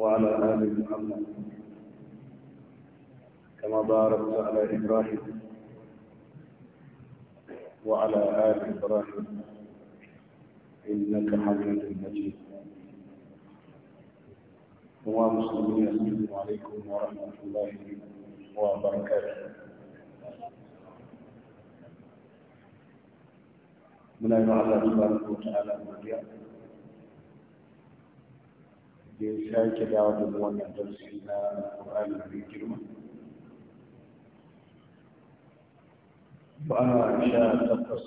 وعلى آل محمد كما باركت على إبراهيم وعلى آل إبراهيم إنك حميد مجيد هو مسلمين السلام عليكم ورحمة الله وبركاته من الله سبحانه وتعالى da ya sake dawo da wannan darsi na Qur'ani mai girma ba sha takwas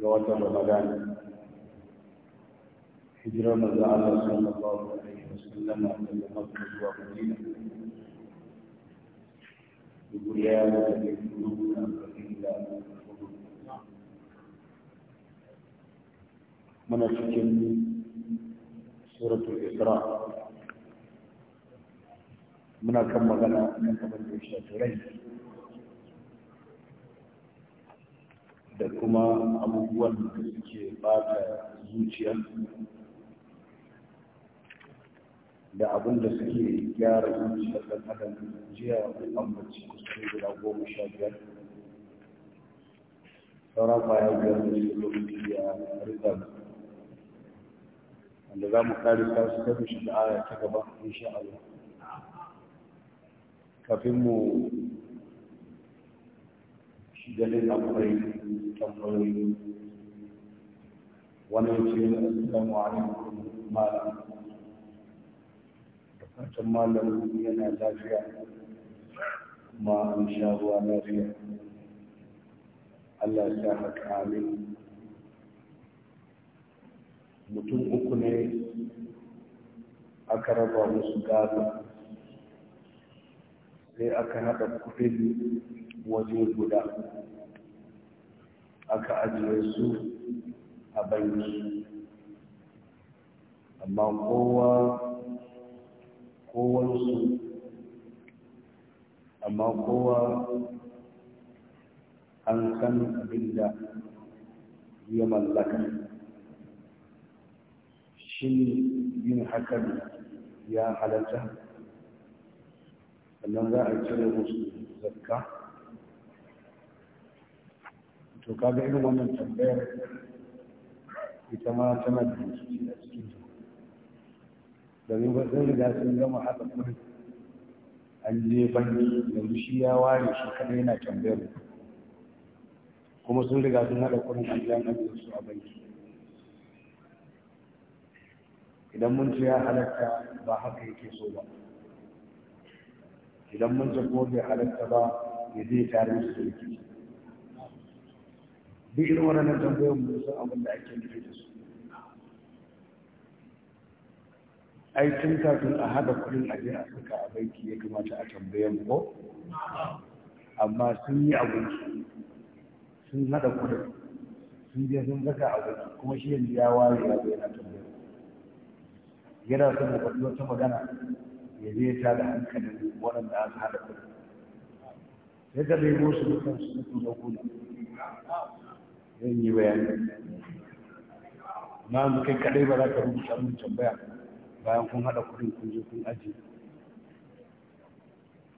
ga watan Ramadan hijirar manzo Allah sallallahu alaihi wasallam daga Makka zuwa Madina Duburiya da ke kuma da muna cikin suratu isra muna kan magana nan abin da ta rai da kuma abubuwan da suke bata zuciyar. da abin da suke gyara zuciya da adam jiya da ambaci kusurin guda goma sha biyar sauran baya biyar da suke lokaci ya rika wanda za mu kare ta su tafi shi da aya ta gaba insha Allah kafin mu shiga ne akwai tambayoyi wannan ce assalamu alaikum malam da fatan malam yana lafiya kuma an sha ruwa lafiya Allah ya sa haka amin mutum uku ne aka raba musu gaza sai aka haɗa kudin waje guda aka ajiye su a banki amma kowa kowansu amma kowa an san abin da ya mallaka shi yin hakan ya halatta sannan za a cire musu zakka to kaga irin wannan tambayar ita ma tana da mutunci a cikin ta domin ba zai riga sun gama haɗa kuma an je banki yanzu shi ya ware shi kadai yana tambayar kuma sun riga sun haɗa kuɗin an jan su a banki idan mun ce ya halatta ba haka yake so ba idan mun ce ko bai halatta ba ya zai tare su da rikici duk irin nan tambayar mu sun abin da ake nufi da su ai tun kafin a haɗa kuɗin aje a saka a banki ya kamata a mu ko amma sun yi abinci sun haɗa kuɗin sun je sun saka abinci kuma shi yanzu ya ware ya zo yana tambayan yana son mu faɗi wata magana ya je ta da hankalin waɗanda aka haɗa kuɗi sai ka ɗebo musu dukkan su dukkan ne. zan yi bayani na mu kai kaɗai ba za ka rubuta mun tambaya bayan kun haɗa kuɗin kun je kun aji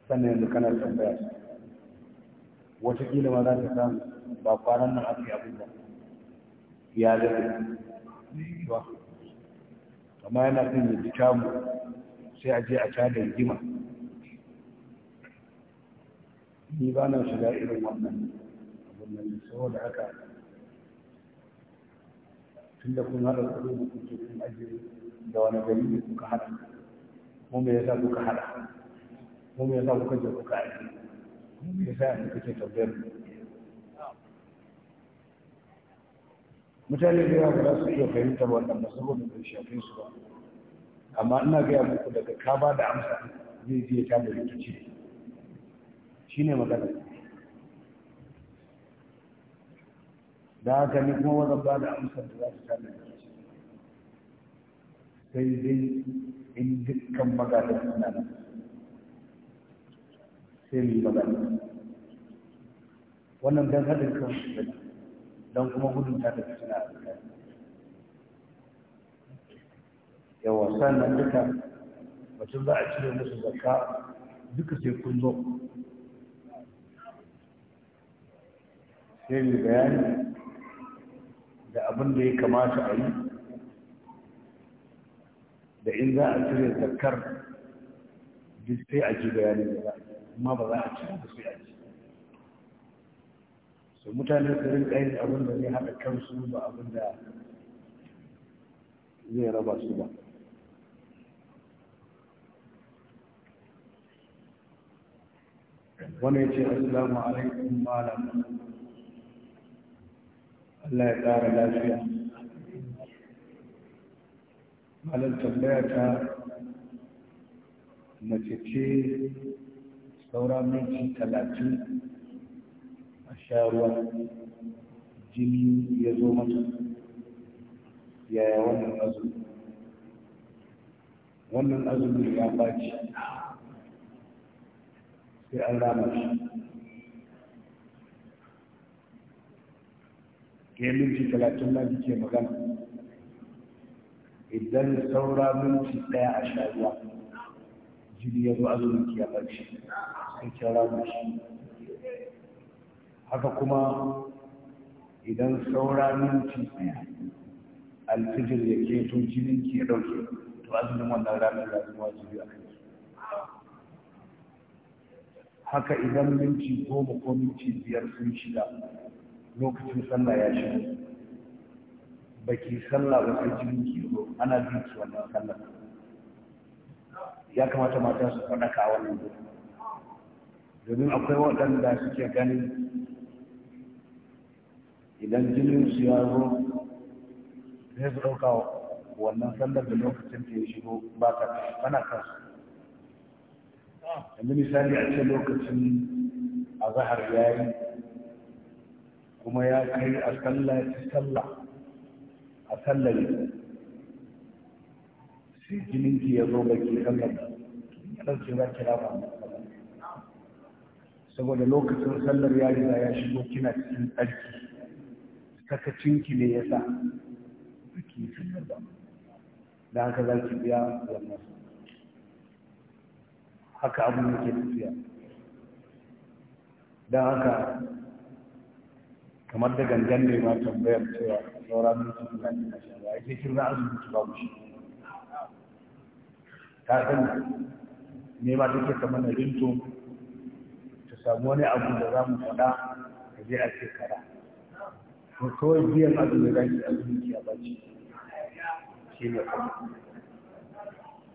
sannan yanzu kana tambaya watakila ma za ka samu ba kwanan nan aka yi abin ba ya zai ba amma yana ɗin ya ji kamu sai a je a tada rigima ni ba na shiga irin wannan abin nan da haka tun da kun haɗa kuɗi da kuke kun ajiye da wani gari ne kuka haɗa mu me yasa kuka haɗa mu me yasa kuka je kuka ajiye mu me yasa yanzu kuke tambayar mu mutane da yawa za su iya fahimtar waɗanda saboda bai shafe su ba amma ina gaya muku daga ka ba da amsa zai je ta da rikici shi ne magana da haka ni kuma wannan ba da amsa da za su ta da rikici sai dai in dukkan magadan suna nan sai mu yi magana wannan don haɗin kan shi don kuma gudun ta tafi suna a duniya yawa sannan duka mutum za a cire musu zakka duka sai kun zo sai mai bayani da abin da ya kamata a yi da in za a cire zakkar duk sai a ji bayanin da za a amma ba za a cire da sai a ji su mutane su rinka yin abin da zai haɗa kansu ba abin da zai raba su ba wani ya ce assalamu alaikum malam Allah ya ƙara lafiya malam tambaya ta mace ce saura minti talatin sha jini ya zo mata yaya wannan azumi wannan azumi ya ɓaci sai an rama shi ke minti talatin na ke magana idan saura minti daya a sha ruwa jini ya zo azumin ya ɓaci sai kira rama shi haka kuma idan saura minti ɗaya alfijir ya keto jinin ki ya ɗauke to azumin wannan ranar ya zama biyu a kai haka idan minti goma ko minti biyar sun shiga lokacin sallah ya shiga baki sallah ba sai jinin ki ba, ana bin su wannan sallah ya kamata mata su faɗaka a wannan gudu domin akwai waɗanda suke ganin idan jinin su ya zo zai su ɗauka wannan sallar da lokacin da ya shigo ba ka kana kansu yanzu misali a ce lokacin a zahar ya yi kuma ya kai a sallaci sallah a sallari su jininki ya zo baki sallari ya ɗauke ba kira ba saboda lokacin sallar ya za ya shigo kina cikin tsarki sakacinki ne ya sa suke sanar da da haka za ki biya wannan haka abin ke tafiya don haka kamar da gangan ne ma tambayar cewa saura suna ne na shan ruwa ake kirna asibiti babu shi ta san ne ma take kamar na rinto ta samu wani abu da za mu faɗa ka je a shekara kawai biyan azumi za ki azumi ki a baci shi ne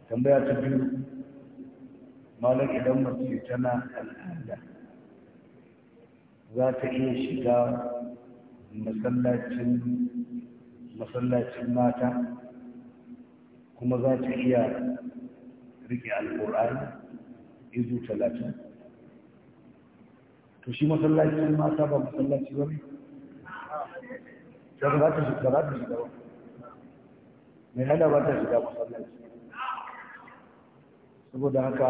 tambaya ta biyu malam idan mace tana al'ada za ta iya shiga masallacin masallacin mata kuma za ta iya rike alkur'ani izu talatin to shi masallacin mata ba masallaci ba ne don za ta shiga ba ta shiga ba mai hada ba ta shiga masallaci saboda haka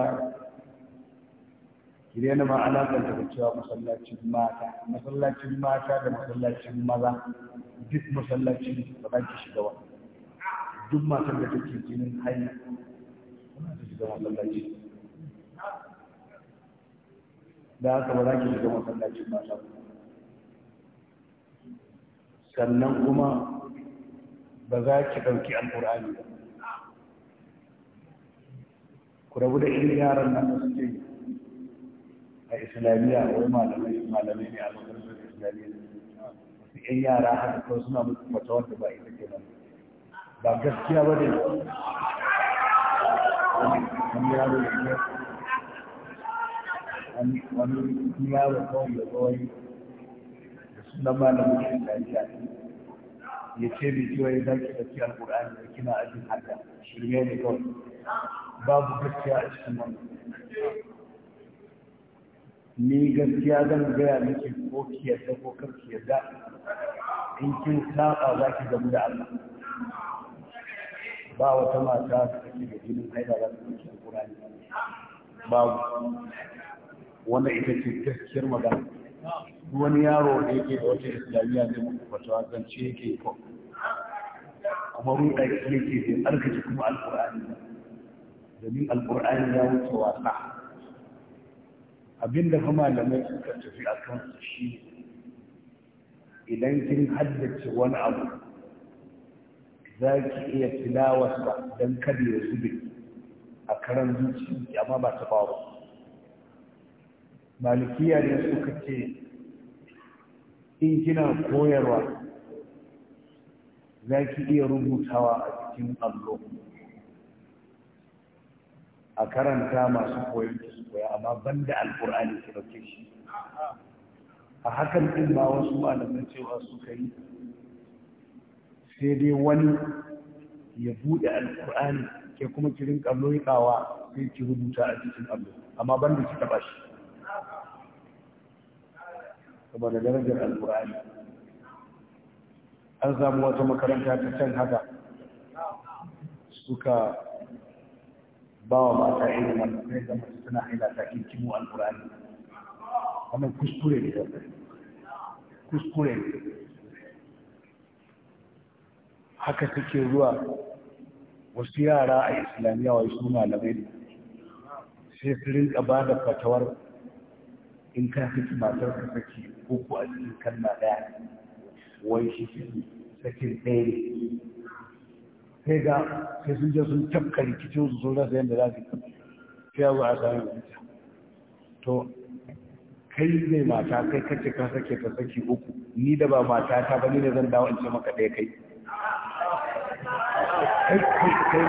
ki daina ma alakanta ta cewa masallacin mata masallacin mata da masallacin maza duk masallacin ba ta shiga ba duk matan da take jinin hanya ba ta shiga masallaci da haka ba za ki shiga masallacin mata ba sannan kuma ba za ki ɗauki alƙur'ani ba ku rabu da irin yaran nan da suke a islamiyya ko malamai malamai ne a makarantar islamiyya wasu yan yara haka kawai suna mutu mata wanda ba ita ke nan ba gaskiya ba ne wani yaro da ke wani yaro kawai da kawai na malamin islamiyya ya ce mai cewa ya zaki da ciyar ƙur'ani da kina ajin haka shirme ne kawai babu gaskiya a cikin wannan ni gaskiya zan gaya miki ko ki yadda ko kar ki yadda in kin saba za ki gamu da Allah ba wata mata da take da jinin haila za ta ɗauki ƙur'ani babu wannan ita ce gaskiyar magana wani yaro da yake da wata islamiyya zai muku fatawa zance yake ko kuma ruɗa yake zai arkaci kuma alƙur'ani domin alƙur'ani ya wuce wasa abinda kuma malamai suka tafi a kan shi idan kin haddace wani abu za ki iya tilawarsa don kada ya zube a karan zuciya amma ba ta ba malikiya ne suka ce in kina koyarwa za ki iya rubutawa a cikin allo a karanta masu koyon su koya amma ban da alkur'ani ki dauke shi a hakan ɗin ba wasu malaman cewa suka yi sai dai wani ya buɗe alkur'ani ke kuma ki rinka loikawa sai ki rubuta a cikin allo amma ban da ki taba shi saboda darajar alƙur'ani an samu wata makaranta ta can haka suka ba wa mata ilimin sai da zama suna haina ta kinkimo alƙur'ani wannan kuskure ne kuskure ne haka suke zuwa wasu yara a islamiyya wai suna malamai sai su rinka ba da fatawar in ka saki matar ka saki uku a cikin kalma ɗaya wai shi saki sakin ɗaya ne sai ga sai sun je sun tafka rikicin su sun rasa yadda za su yi sai ya zo a sami to kai ne mata kai kace ka sake ka saki uku ni da ba mata ta ba ni ne zan dawo in ce maka ɗaya kai kai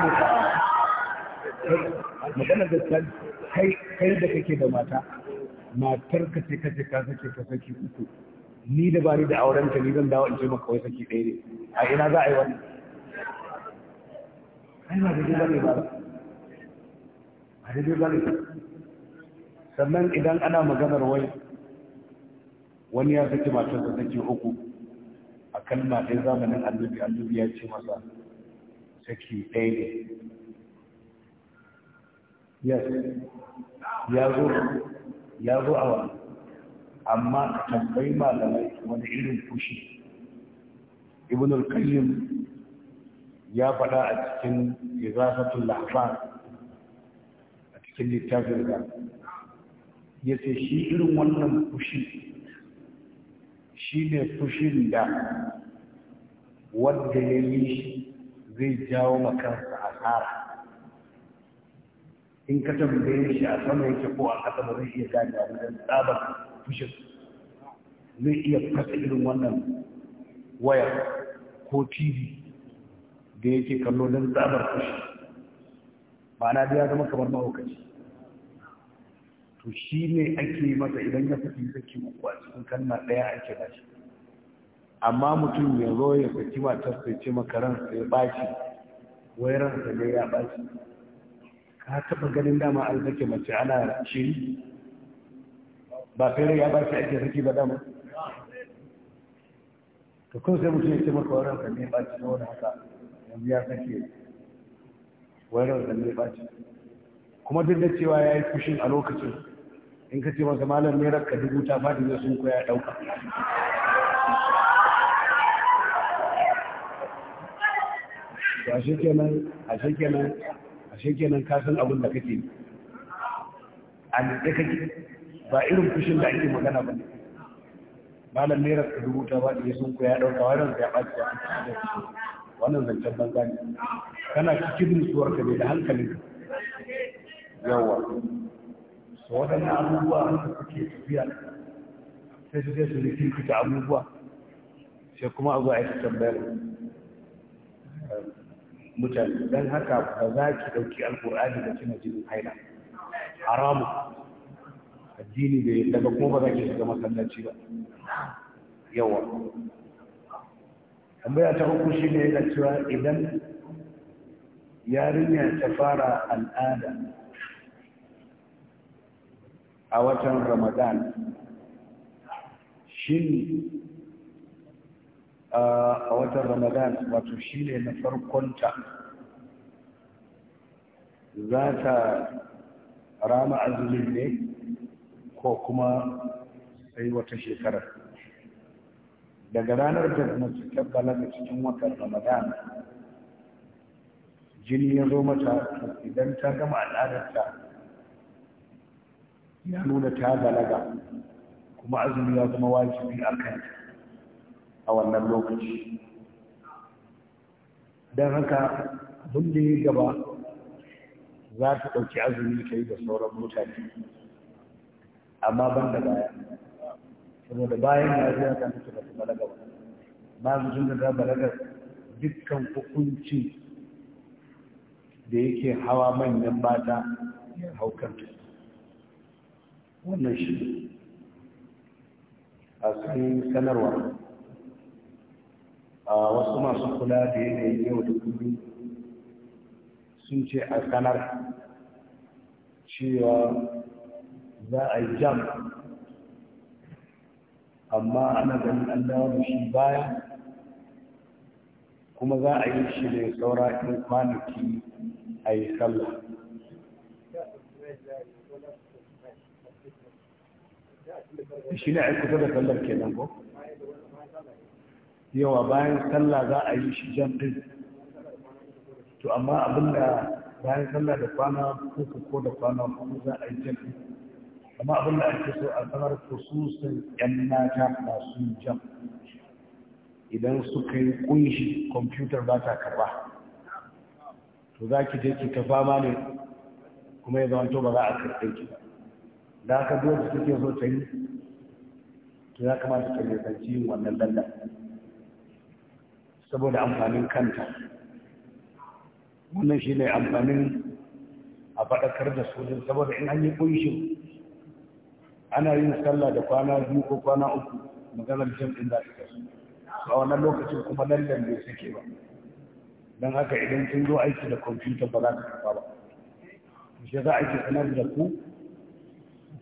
maganar kai da kake da mata matar ka ce kace ka sake ka saki uku ni da bari da auren ka ni zan dawo in ce maka wai saki ɗaya ne a ina za a yi wani ai ba da bane ba ba da ne sannan idan ana maganar wai wani ya saki ka saki uku a kalma ɗaya zamanin annabi annabi ya ce masa saki ɗaya ne yes ya zo ya zo a wani amma ka tambayi malamai wani irin fushi ibn al-qayyim ya faɗa a cikin izafatul lahfar a cikin littafin da ya ce shi irin wannan fushi shi ne fushin da wanda ya yi zai jawo makarsa asara in ka tambaye shi a sama yake ko a kasa ba zai iya gane a wajen tsabar fushin zai iya fasa irin wannan waya ko tv da yake kallo don tsabar fushi ma'ana da ya zama kamar mahaukaci to shi ne ake masa idan ya fi zaki uku a cikin kanna ɗaya ake ba shi amma mutum ya zo ya saki matarsa ya ce makaransa ya ɓaci shi ne ya ɓaci ka taɓa ganin dama an sake mace ana shiri ba fere ya ba shi ake saki ba dama to kun sai mutum ya ce maka wani ka ne ba ci na wani haka yanzu ya sake wani ka ne ba ci kuma duk da cewa ya yi kushin a lokacin in ka ce masa malam ne rakka dubu ta fadi zai sun koya ɗauka to a kenan, a shekenan ashe kenan ka san abin da kake a nitse kake ba irin fushin da ake magana ba ne malam naira ka rubuta ba da sun ku ya dauka wannan ya ɓaci ya wannan zancen banza ne kana cikin nutsuwar ka ne da hankali yawa su waɗannan abubuwa haka suke tafiya sai su sai su rikirkita abubuwa sai kuma abuwa zo a tambayar mutane don haka ba za ki ɗauki alƙur'ani da kina jinin haila haramu addini da yadda daga kuma ba za ki shiga masallaci ba yawa tambaya ta uku shi ne yana cewa idan yarinya ta fara al'ada a watan ramadan shin a watan ramadan wato shi ne na farkonta za ta rama azumin ne ko kuma sai wata shekara daga ranar da su tabbala balaga cikin watan ramadan jini ya zo mata idan ta gama al'adarta ya nuna ta balaga kuma azumi ya zama wajibi a kanta a wannan lokaci don haka abin da ya gaba za ta ɗauki azumi ta yi da sauran mutane amma ban da baya saboda bayan ya zai ta nufi da su balaga ba ba su da balaga dukkan hukunci da yake hawa manyan mata ya haukanta wannan shi a sanarwa wasu masu kula da yanayin yau da kullum sun ce a kanar cewa za a yi jam amma ana ganin an dawo shi baya kuma za a yi shi da saura in kwanaki a yi sallah shi ne a yi kusa da sallar kenan ko? yawa bayan sallah za a yi shi jan ɗin to amma abin da bayan sallah da kwana uku ko da kwana uku za a yi jan ɗin amma abin da ake so a sanar khususin yan mata masu jan idan suka yi kunshi kwamfutar ba ta karba to za ki je ki ta fama ne kuma ya zama to ba za a karɓe ki ba da aka da suke so ta yi to ya kamata ta nisanci yin wannan lallan saboda amfanin kanta wannan shi ne amfanin a faɗakar da sojin saboda in an yi ƙunshin ana yin sallah da kwana biyu ko kwana uku maganar jam'in za su kasu a wannan lokacin kuma lallan bai sake ba don haka idan sun zo aiki da kwamfuta ba za ka kafa ba shi za a ke sanar da ku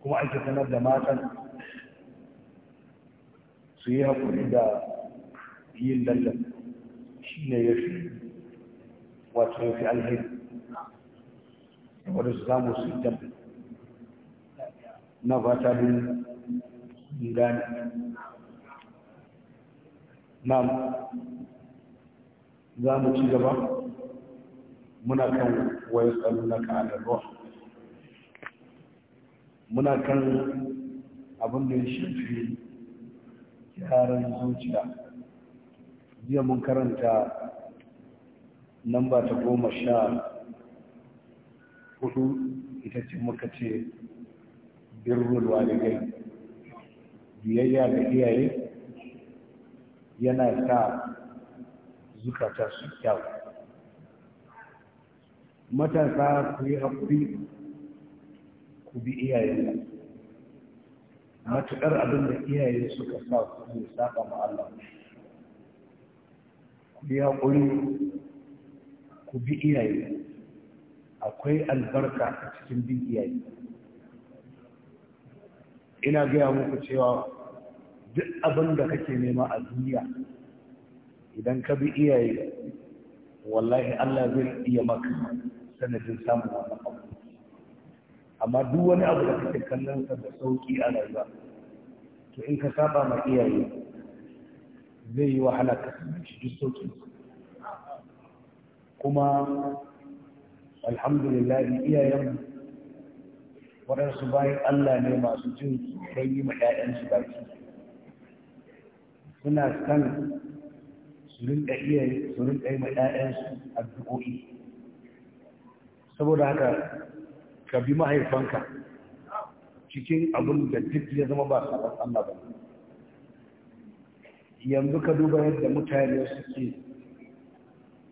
kuma ake sanar da matan su yi haƙuri da yin lallan shine ne ya fi wato ya fi alheri wadda su mu su jam na fata din gane na za mu ci gaba muna kan waya tsaro na ka'adar ruwa muna kan abin da ya shafi yaran zuciya jiya mun karanta lamba ta goma sha hudu ita ce muka ce birnin walidai biyayya da iyaye yana ta zukata su kyau matasa ku yi haƙuri ku bi iyayen matuƙar abin da iyaye suka sa ku ne saƙa ma ku yi haƙuri ku bi iyaye akwai albarka a cikin bi iyaye ina gaya muku cewa duk abin da kake nema a duniya idan ka bi iyaye wallahi Allah zai iya maka sanadin samun wani abu amma duk wani abu da kake kallon sa da sauki a rayuwa to in ka saba ma iyaye zai yi wahala ka shi duk kuma alhamdulillah iyayen waɗansu bayan Allah ne masu jin tsoron yi ma ‘ya'yansu baki suna san su rinka iya ma ‘ya'yansu addu'o'i saboda haka ka bi mahaifanka cikin abin da duk ya zama ba sabon Allah ba yanzu ka duba yadda mutane suke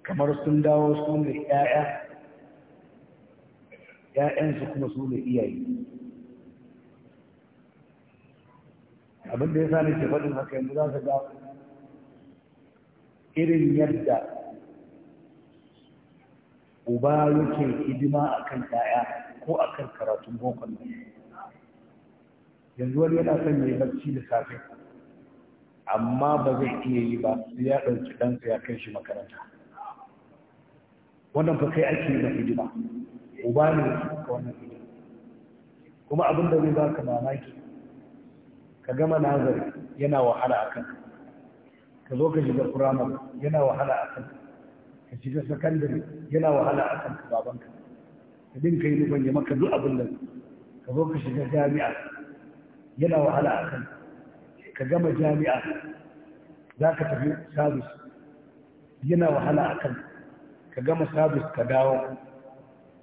kamar sun dawo su ne ‘ya'ya ‘ya'yansu kuma su ne iyaye abinda ya sa ne ke faɗin haka yanzu za su ga irin yadda uba yake hidima a kan ‘ya'ya ko a kan karatun bokon yanzu wani yana son ya yi barci da safe amma ba zai iya yi ba sai ya ɗauki ɗansa ya kai shi makaranta wannan fa kai ake yi na hidima uba ne ka wannan hidima kuma abin da zai ka mamaki ka gama nazari yana wahala a kanka ka zo ka shiga firamare yana wahala a kanka ka shiga sakandare yana wahala a ka babanka ka dinka yi nufin ya maka duk abin da ka zo ka shiga jami'a yana wahala a kanka ka gama jami'a za ka tafi sabis yana wahala a kan ka gama sabis ka dawo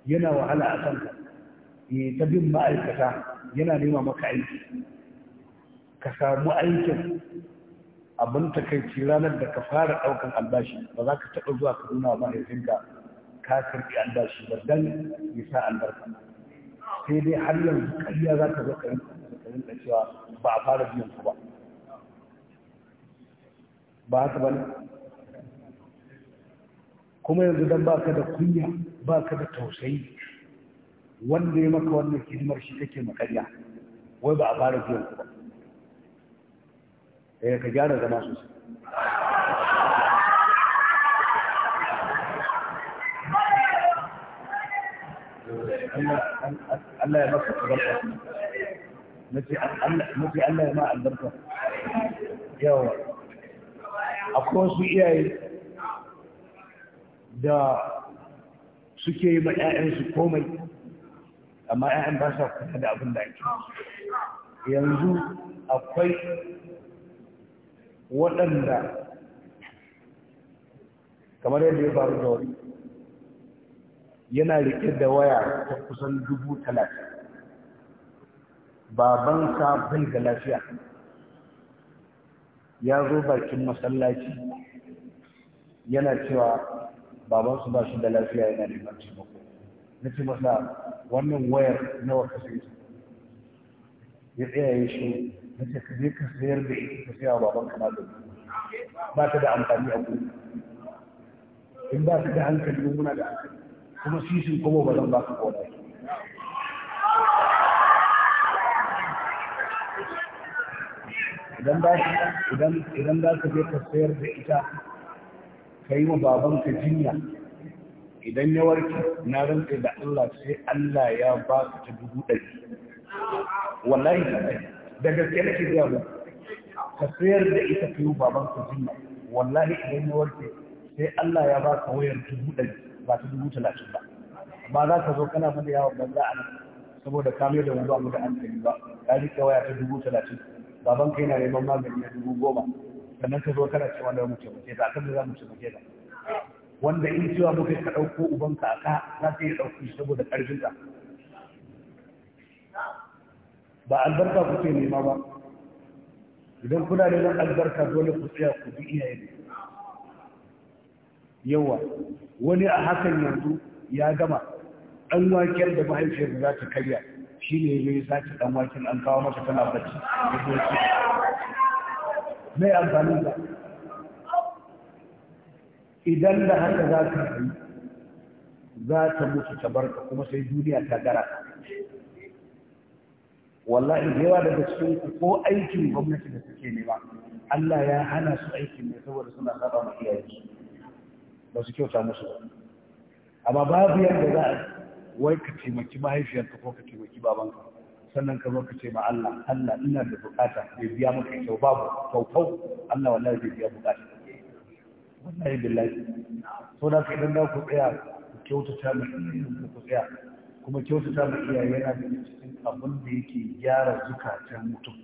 yana wahala a kanka ta bin ma'aikata yana nema maka aiki ka samu aikin abin takaici ranar da ka fara daukan albashi ba za ka taɓa zuwa ka nuna wa ka karɓi albashi ba dan ya sa albarka sai dai har yanzu ƙarya za ka zo ka rinka cewa ba a fara biyan ku ba ba haka ba kuma yanzu don ba ka da kunya ba ka da tausayi wanda ya maka wannan hidimar shi kake makarya wai ba a fara biyan ku ba eh ka gyara zama sosai Allah ya maka albarka nace Allah ya ma albarka yawa akwai wasu iyaye da suke yi ma 'ya'yansu komai amma 'ya'yan ba sa kula da abin da ake yanzu akwai waɗanda kamar yadda ya faru da wani yana rike da waya ta kusan dubu talatin babansa bai da lafiya ya zo bakin masallaci yana cewa babansu ba shi da lafiya yana neman taimako na ce masa wannan wayar nawa ka sai ya ya shi na ce ka je ka sayar da ita ka sayawa baban ka na ba ta da amfani a gudu in ba ta da hankali muna da hankali kuma sisin kuma ba zan ba ka kowa idan ba idan idan za ka je ka sayar da ita ka yi wa babanka jinya idan ya warke na rantsa da Allah sai Allah ya ba ka ta dubu ɗari wallahi da gaske nake gaya mu ka sayar da ita ka yi wa babanka jinya wallahi idan ya warke sai Allah ya ba ka wayar dubu ɗari ba ta dubu talatin ba ba za ka zo kana mana yawon banza a nan saboda kamar da wanda mu da an ba ka rike waya ta dubu talatin baban kai na neman magani na dubu goma sannan ka zo kana cewa da mu taimake ka kan da za mu taimake ka wanda in cewa muka ka ɗauko uban ka aka za ta yi shi saboda ƙarfin ka ba albarka ku ce nema ba idan kuna neman albarka dole ku tsaya ku bi iyaye ne. yawa wani a hakan yanzu ya gama an wakiyar da mahaifiyar za ta karya shi ne yayi sake dan wakin an kawo mata tana bacci mai amfani da idan da haka za ka yi za ta mutu ta barka kuma sai duniya ta gara wallahi da yawa daga cikin ku ko aikin gwamnati da suke nema Allah ya hana su aikin ne saboda suna saba ma iyaye ba su kyauta musu ba amma babu yadda za a wai ka taimaki mahaifiyarka ko ka taimaki babanka sannan ka zo ka ce ma Allah Allah ina da bukata bai biya maka kyau babu kaukau Allah wallahi bai biya bukata wallahi billahi so da idan da ku tsaya ku kyautata mu iyayen ku tsaya kuma kyautata mu iyaye yana da cikin abin da yake gyara zukatan mutum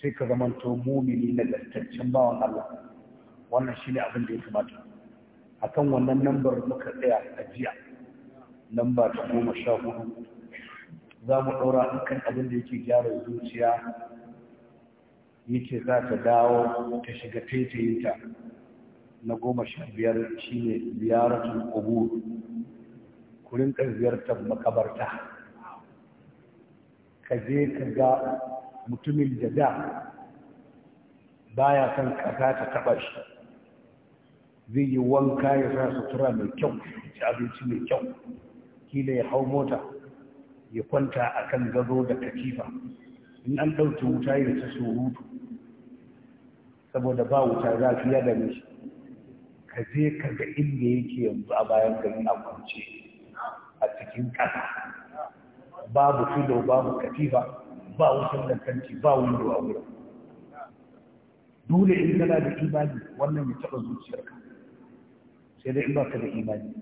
sai ka to mumini na gaskaccen bawan Allah wannan shine abin da ya kamata akan wannan lambar muka tsaya a jiya lamba ta goma sha hudu za mu ɗora kan abin da yake gyara zuciya yake za ta dawo ta shiga taitayinta na goma sha biyar shi ne ziyaratun kubur kurin ziyartar makabarta ka je ka ga mutumin da da baya son kasa ta taɓa shi zai yi wanka ya sa sutura mai kyau ci abinci mai kyau kila ya hau mota ya kwanta a kan gado da katifa in an ɗauki wuta ya ta surutu saboda ba wuta su ya ne shi ka je ka ga inda yake yanzu a bayan gari a kwance a cikin ƙasa babu filo babu katifa ba wutan lantarki ba wando a wurin dole in kana da imani wannan ya taɓa zuciyarka sai dai in ba ka da imani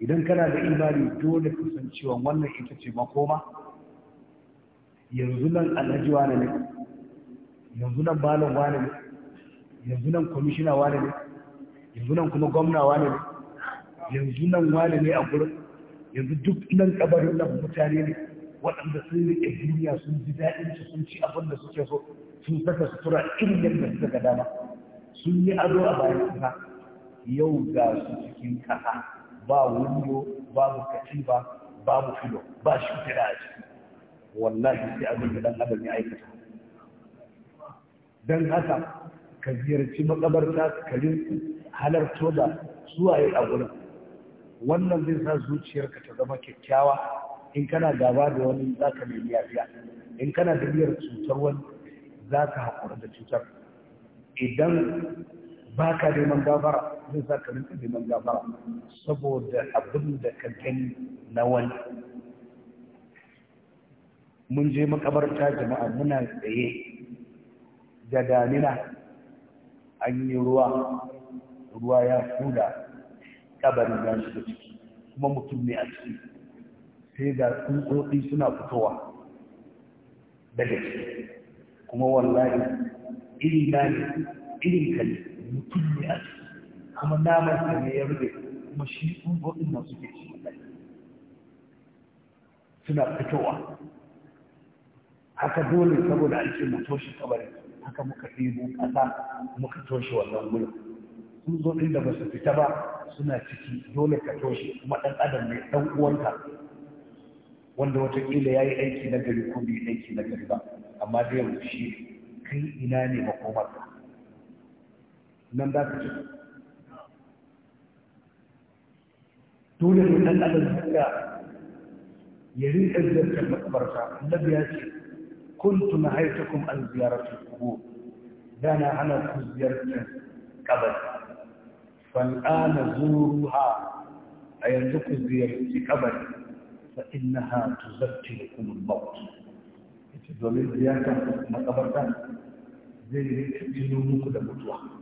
idan kana da imani dole cewa wannan ita ce makoma yanzu nan alhaji wane ne yanzu nan malam wane ne yanzu nan kwamishina wane ne yanzu nan kuma gwamna wane ne yanzu nan wane ne a gurin yanzu duk nan kabarin nan mutane ne waɗanda sun yi duniya sun ji daɗin su sun ci abin da suke so sun saka sutura irin yadda suka ga dama sun yi ado a bayan ƙasa yau ga su cikin kasa. ba ba babu katiba mu filo ba shi fira da ciki wallahi sai abin da dan adam ya aikata dan haka ka ziyarci makabarta ka halarto da suwaye a gurin wannan zai sa zuciyarka ta zama kyakkyawa in kana gaba da wani za ka nemi yafiya in kana da biyar cutar wani za ka haƙura da cutar idan ba ka neman gafara zai sa ka rinka neman gafara saboda abin da ka gani na wani mun je makabarta jama'a muna tsaye da damina an yi ruwa ruwa ya fuda kabarin ya shiga ciki kuma mutum ne a ciki sai ga tsuntsotsi suna fitowa daga ciki kuma wallahi irin ne irin ka mutum ya ce, kuma naman sa ne ya rube kuma shi tsutsotsin nan suke ci suna fitowa haka dole saboda ake ce mu toshe kabari haka muka ɗebo ƙasa muka toshe wannan Sun zo da ba su fita ba suna ciki dole ka toshe kuma ɗan adam ne ɗan uwanka wanda watakila ya yi aiki na gari ko bai aiki na gari ba amma da yau shi kai ina ne makomarka nan za ka ci dole ne ɗan adam zuwa ya rinka ziyartar makabarta annabi ya ce kuntu na haitakum an ziyaratu kubo da na hana ku ziyartar kabar fal'ana zuruha a yanzu ku ziyarci kabar fa innaha tuzakkirukum al-maut domin ziyartar makabarta zai rinka tuno muku da mutuwa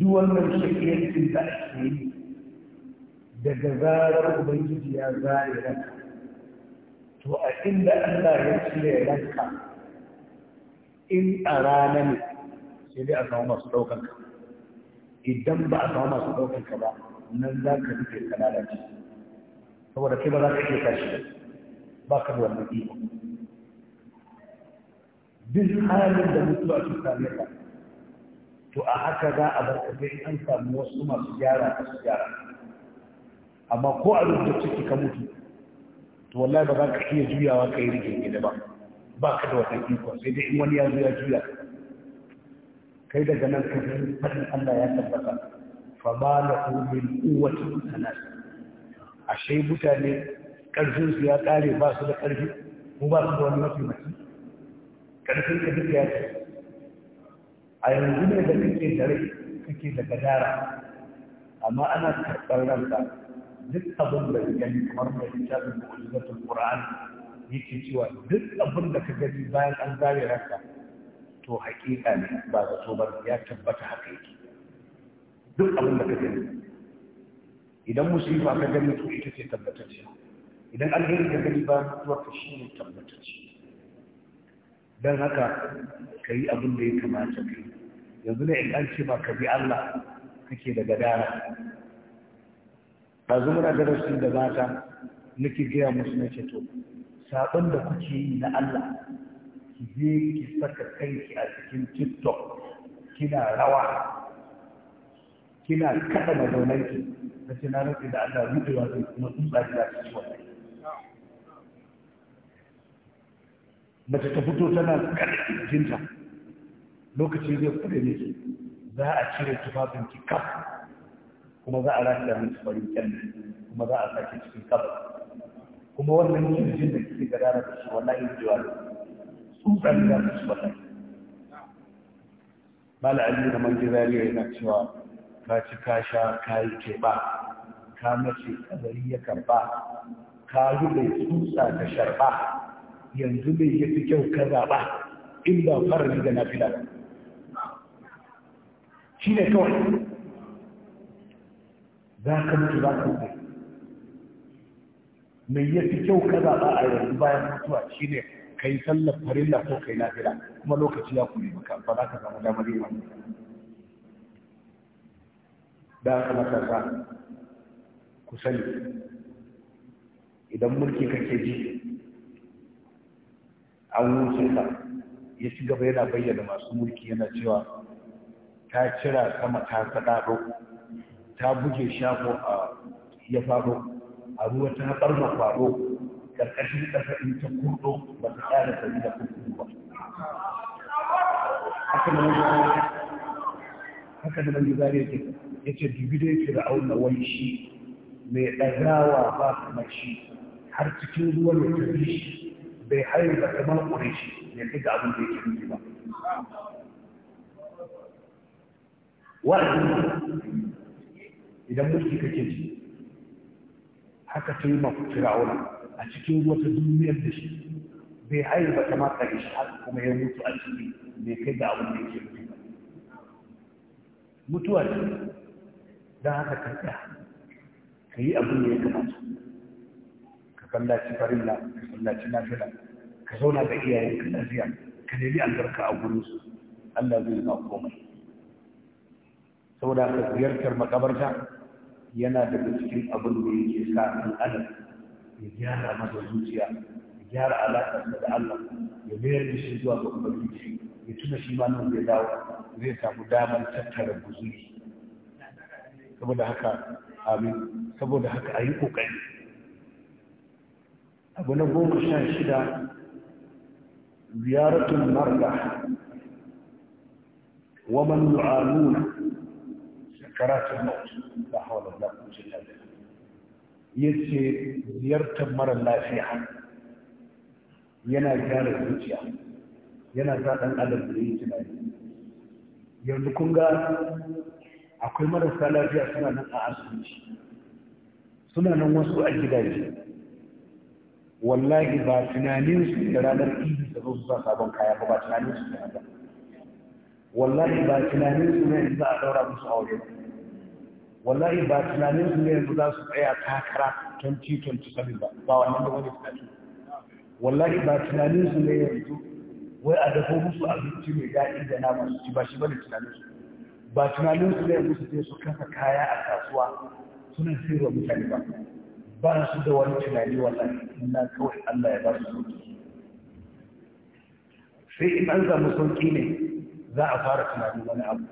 دول من شكل البحثين ده جزارة وبيجي يا زاري لك تو أحل أن لا يتلي لك إن أرانني سيدي أصحى مصدوكا إدن بعد ما مصدوكا كبا من ذاك في الكنالات هو ده كيف ذاك في الكاشفة باكر والمدينة بالحال اللي مطلع في الثالثة to a haka za a bar kafin an samu wasu masu gyara a su gyara amma ko a rubuta ciki ka mutu to wallahi ba za ka iya juyawa ka yi rike gida ba ba ka da wata iko sai dai in wani ya zo ya juya kai daga nan ka ji fadin Allah ya tabbata fa ba la min quwwati anas ashe mutane karfin su ya kare ba su da karfi ko ba su da wani mafi mafi karfin ka duka ya ce. a yanzu ne da kake da rai kake da gadara amma ana karɓar ranka duk abin da ya gani kamar mai littafin mu'ujizatul qur'an yake cewa duk abin da ka gani bayan an zare ranka to haƙiƙa ne ba zato ba ya tabbata haka yake duk abin da ka gani idan musifa ka gani to ita ce tabbatacce idan alheri ka gani ba mutuwar ka shi ne tabbatacce don haka ka yi abin da ya kamata ka yi yanzu ne in an ce ba ka bi Allah kake da gadara ɗazu muna darasi da mata nake gaya musu na ceto saɓon da kuke yi na Allah ki je ki saka kanki a cikin tiktok kina rawa kina kaɗa mazaunanki na ce na rantsi da Allah rudewa zai kuma tsutsa ki za ci wannan mace ta fito tana kada jinta Lokacin zai kuɗe ne za a cire tufafin ki kaf kuma za a lafiya miki farin kyalle kuma za a sake cikin kabar kuma wannan kirjin da kike gadara da shi wallahi jiwa tsutsan da su wallahi mala ali da man gizariya yana cewa ka ci ka sha ka yi ba ka mace kabari ya karɓa ka rube tsutsa ka sharɓa yanzu mai yafi kyau ka zaɓa inda ba farari da na fila shi ne kawai za ka mutu za ka mutu mai ya fi kyau ka zaɓa a yanzu bayan mutuwa shi ne ka yi sallar farilla ko ka yi lafiya kuma lokaci ya kuri maka ba za ka samu damar yin wani da aka matasa ku sani idan mulki kake ji an wuce ka ya ci gaba yana bayyana masu mulki yana cewa ta cira sama ta faɗaɗo ta buge shago a ya faɗo a ruwa ta ɓarna faɗo ƙarƙashin ƙasa in ta kurɗo ba ta ƙara sani da kurkuku ba haka da mangi haka yake ya ce dubi da auna wani shi mai ɗagawa ba kamar shi har cikin ruwan ya tafi shi bai haye ba kamar ƙure shi ya ga abin da yake nufi ba wa'azi idan mulki kake ji haka ta yi mafi fir'auna a cikin wata duniyar da shi bai haye ba ta mata shi har kuma ya mutu a ciki bai kai da abin da yake mutu ba mutuwa ce don haka ka tsaya ka yi abin da ya kamata ka sallaci farilla ka sallaci nafila ka zauna da iyayen ka lafiya ka nemi albarka a gurinsu Allah zai na komai saboda ka ziyartar makabarta yana daga cikin abin da yake sa al'adar ya gyara masa zuciya ya gyara alaƙarsa da Allah ya mayar da shi zuwa ga ubangiji ya tuna shi ma nan zai dawo zai samu damar tattara guzuri saboda haka amin saboda haka a yi ƙoƙari abu na goma sha shida ziyaratun marga wa man karatun mawut ba hawa da kucin lafiya ya ce ziyartar mara lafiya yana gyara zuciya yana sa ɗan adam da yi tunani yanzu kun ga akwai marasa lafiya suna nan a asibiti suna nan wasu a gidaje wallahi ba tunanin su da ranar idi da zo su sa sabon kaya ba ba tunanin su da wallahi ba tunanin su ne za a daura musu aure ba wallahi ba tunanin su ne yanzu za su tsaya takara 2027 ba ba wannan da wani tsaki wallahi ba tunanin su ne yanzu wai a dafa musu abinci mai daɗi da nama su ci ba shi bane tunanin su ba tunanin su ne yanzu su je su kasa kaya a kasuwa suna sirwa mutane ba ba su da wani tunani wallahi Inna kawai Allah ya ba su sauki sai in an samu sauki ne za a fara tunanin wani abu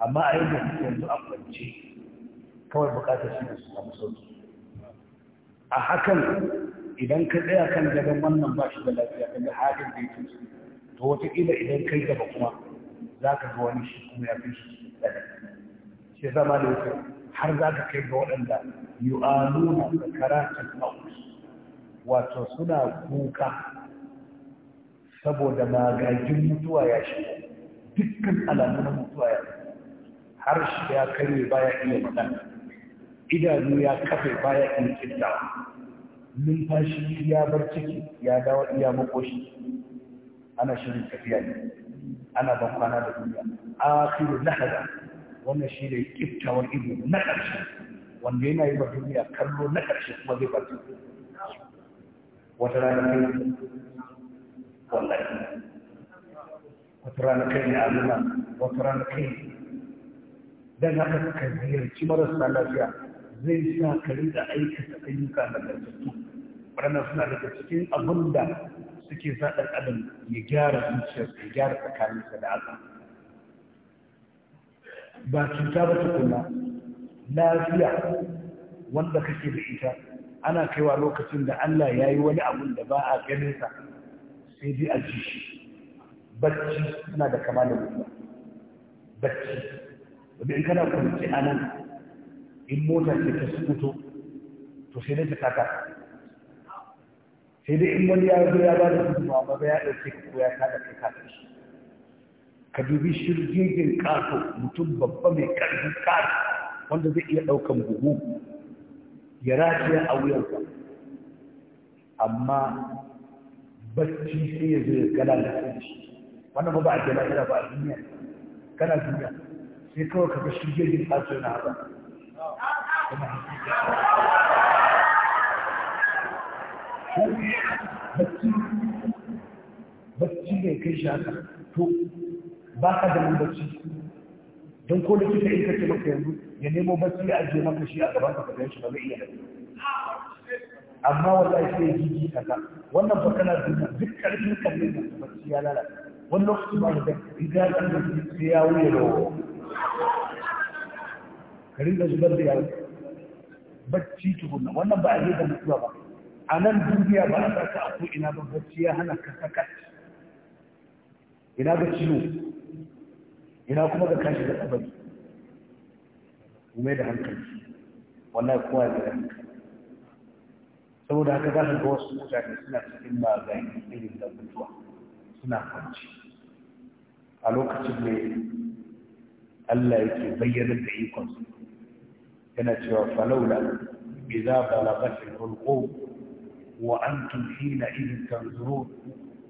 amma a yadda yanzu a kwance kawai bukatar shi da su samu sauki a hakan idan ka tsaya kan gaban wannan ba shi da lafiya kan halin da yake su to wataƙila idan kai gaba kuma za ka ga wani shi kuma ya fi shi shi zama da wuce har za ka kai ga waɗanda yu'aluna da karatun ma'us wato suna kuka saboda magagin mutuwa ya shiga dukkan alamun mutuwa ya har shi ya karye baya iya magana idanu ya kafe baya in kinta numfashi ya bar ciki ya dawo iya makoshi ana shirin tafiya ne ana ban kwana da duniya akhiru lahada wannan shi ne kiftawar ido na ƙarshe wanda yana yi ba duniya kallo na ƙarshe kuma zai bar wata rana kai wallahi wata rana kai ne azuma wata rana kai dan haka ka ziyarci marasa lafiya zai sa ka da aikata ayyuka na ƙarfi waɗannan suna daga cikin abin da suke sa ɗan adam ya gyara zuciyar ya gyara tsakaninsa da aka. ba cuta ba ta kula lafiya wanda kake da ita ana kaiwa lokacin da Allah ya yi wani abun da ba a ganinsa sai dai a ji shi bacci suna da kama da mutuwa bacci wadda in kana kwanci a nan in motar da ta sukuto to sai dai ta taka sai dai in wani ya zo ya ba da gudunmawa ba ba ya ɗauke ka ko ya kada kai ka tashi ka dubi shirgin ƙato mutum babba mai karfi ƙato wanda zai iya ɗaukan buhu ya rafiya a wuyanka amma bacci sai ya zo ya gala da shi wannan ba a gala ba a duniya kana duniya sai kawai ka ga shirgin kaso na haɗa bacci ne kai shi haka to ba ka da mun bacci don ko da kika in kace maka yanzu ya nemo bacci ya ajiye maka shi a gaban ka kaga shi ba zai iya amma wata wallahi sai jiji kaka wannan fa kana duniya duk karfin kallon da bacci ya lalata wani lokaci ba da idan an da sai ya wuya da ka rinka zubar da yawon bacci tukunna wannan ba a yi da mutuwa ba a nan duniya ba a saka a ina ba bacci ya hana ka ina ga ciwo ina kuma ga kashi da tsabari kuma da hankali wallahi kowa da hankali saboda haka za su ga wasu mutane suna cikin magani irin da mutuwa suna kwanci a lokacin ne Allah yake bayyana da ikonsu yana cewa Falola, falaula idza balagat al-hulqum wa antum hina irin tanzurun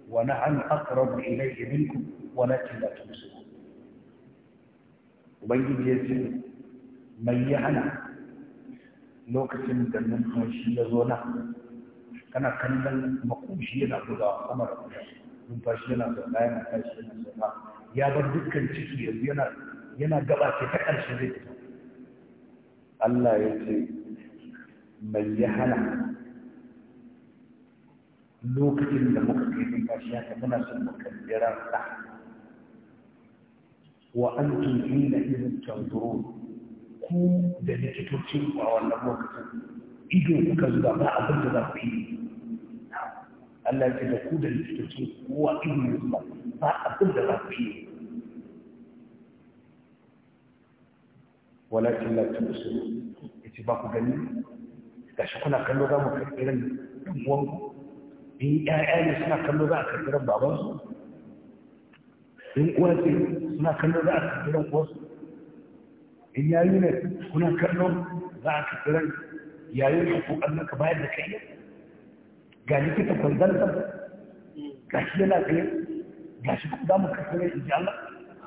wa na nahnu aqrabu ilayhi minkum wa na la tumsirun ubangiji ya ce mai ya hana lokacin da numfashi ya zo na kana kallon makoshi yana bugawa sama da numfashi yana sauka yana tashi yana sauka ya bar dukkan ciki yanzu yana gaba ce ta ƙarshe zai fita Allah ya ce mai ya hana lokacin da muka kai kashi haka muna son mu kalli ransa wa an tuzi na irin canzuro ku da likitocin a wannan lokacin ido kuka zuba ba abin da za ku yi Allah ya ce da ku da likitocin kowa ido ya zuba ba abin da za ku yi walakin la tusu yace ba ku gani gashi kuna kallo za mu karɓi ran ɗan uwanku in ƴaƴa ne suna kallo za a karɓi baban, babansu in uwa suna kallo za a karɓi ran uwansu in yayi ne kuna kallo za a karɓi yayin ka ku ƙanna ka bayar da kai ga likita ga shi yana ga shi za mu karɓi ran in ji Allah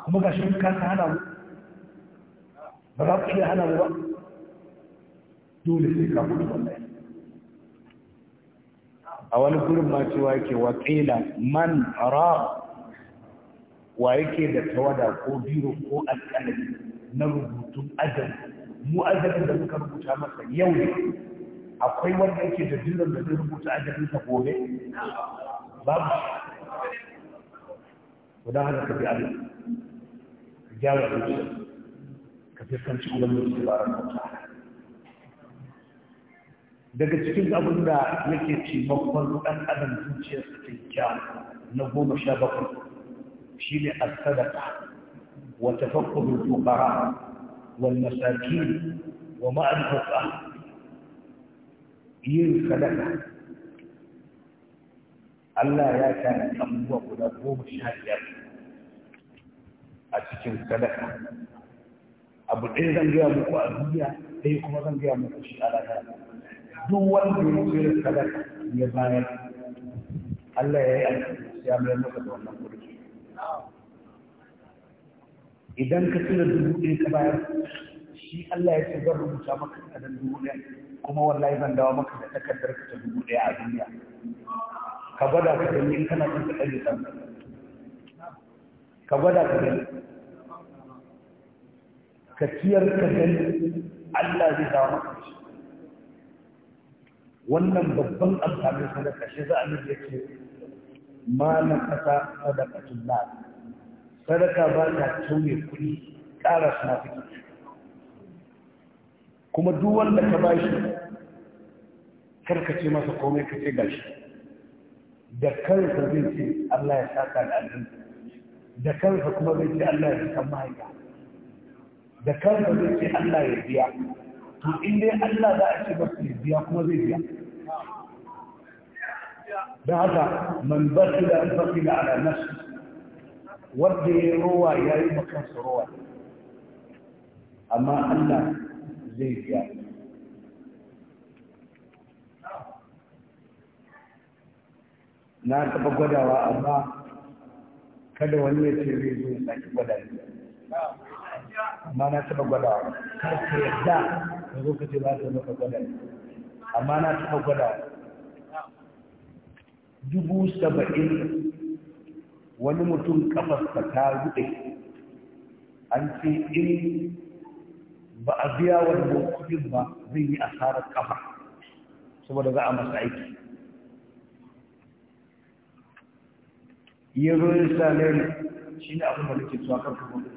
kuma gashi mun kasa hana mu ba za ku iya hana mu ba dole sai ka mutu wallahi a wani gurin ma wake yake waƙila man ra wa yake da tawada ko biro ko alƙalami na rubutun ajal mu ajalin da muka rubuta masa yau ne akwai wanda yake da biron da zai rubuta ajalinsa gobe babu ku da hana ka bi abin gyara zuciya ka fuskanci ubangiji subhanahu wa ta'ala daga cikin abin da yake taimakon ɗan adam zuciyar kyakkyawa na goma sha bakwai shi ne a sadaka wata fakkudin tukara wal masaki wa ma'arfasa yin sadaka Allah ya tana abubuwa guda goma sha biyar a cikin sadaka abu ɗaya zan gaya muku a duniya ɗaya kuma zan gaya muku shi a lahira duk wanda ya ce da ya bayar Allah ya yi alƙalmi ya mai maka da wannan kurki idan ka tura dubu ɗaya ka bayar shi Allah ya ce zan rubuta maka takardar dubu ɗaya kuma wallahi zan dawo maka da takardar ka ta dubu ɗaya a duniya ka gwada ka gani in kana son ka ɗage ka gwada ka gani ka ciyar ka gani Allah zai dawo maka shi wannan babban amfanin sadaka shi za a nufi yake malam kasa sadakatun na sadaka ba ta tauye kuɗi ƙara suna fiki kuma duk wanda ka ba shi karkace masa komai ka ce gashi da kansa zai ce Allah ya saka da aljanna da kansa kuma zai ce Allah ya saka mahaifa da kansa zai ce Allah ya biya to in dai Allah za a ce masa ya biya kuma zai biya da haka man bakila bakila ala nafsi wanda ya rowa ya yi makansa rowa amma Allah zai biya na taɓa gwadawa amma kada wani ya ce zai zo ya sake gwada ni amma na taɓa gwadawa kar ka yadda ka zo ka ce ba ka maka gwada amma na taɓa gwadawa dubu saba'in wani mutum kafasta ta ruɗe an ce in ba a biya wani mutum ba zai yi asarar kafa saboda za a masa aiki yanzu ruwan sa shi ne abin da nake tsuwa karfi